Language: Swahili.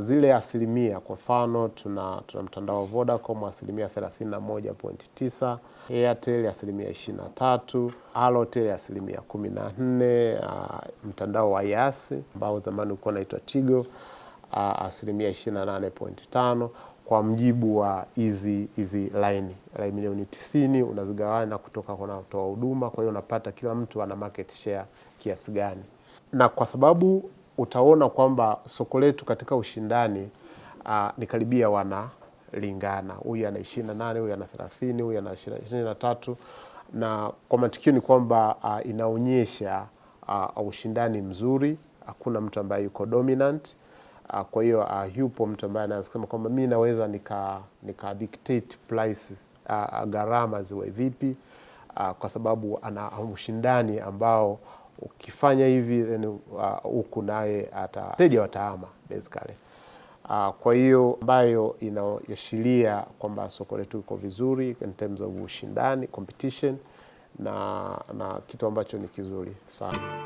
zile asilimia kwa mfano tuna, tuna mtandao wa Vodacom asilimia 31.9, Airtel asilimia 23, Halotel asilimia 14, uh, mtandao wa Yas ambao zamani ulikuwa unaitwa Tigo uh, asilimia 28.5. Kwa mjibu wa hizi hizi laini laini milioni 90 unazigawana kutoka kwa watoa huduma, kwa hiyo unapata kila mtu ana market share kiasi gani, na kwa sababu utaona kwamba soko letu katika ushindani uh, ni karibia wanalingana, huyu ana ishirini na nane huyu ana thelathini huyu ana ishirini na tatu na kwa matukio ni kwamba uh, inaonyesha uh, ushindani mzuri, hakuna mtu ambaye yuko dominant uh, kwa hiyo uh, yupo mtu ambaye anaweza kusema kwamba mi naweza nika, nika dictate price uh, gharama ziwe vipi uh, kwa sababu ana ushindani ambao ukifanya hivi then uh, huku uh, naye atateja watahama basically. Uh, kwa hiyo ambayo inaashiria kwamba soko letu iko vizuri in terms of ushindani competition, na, na kitu ambacho ni kizuri sana.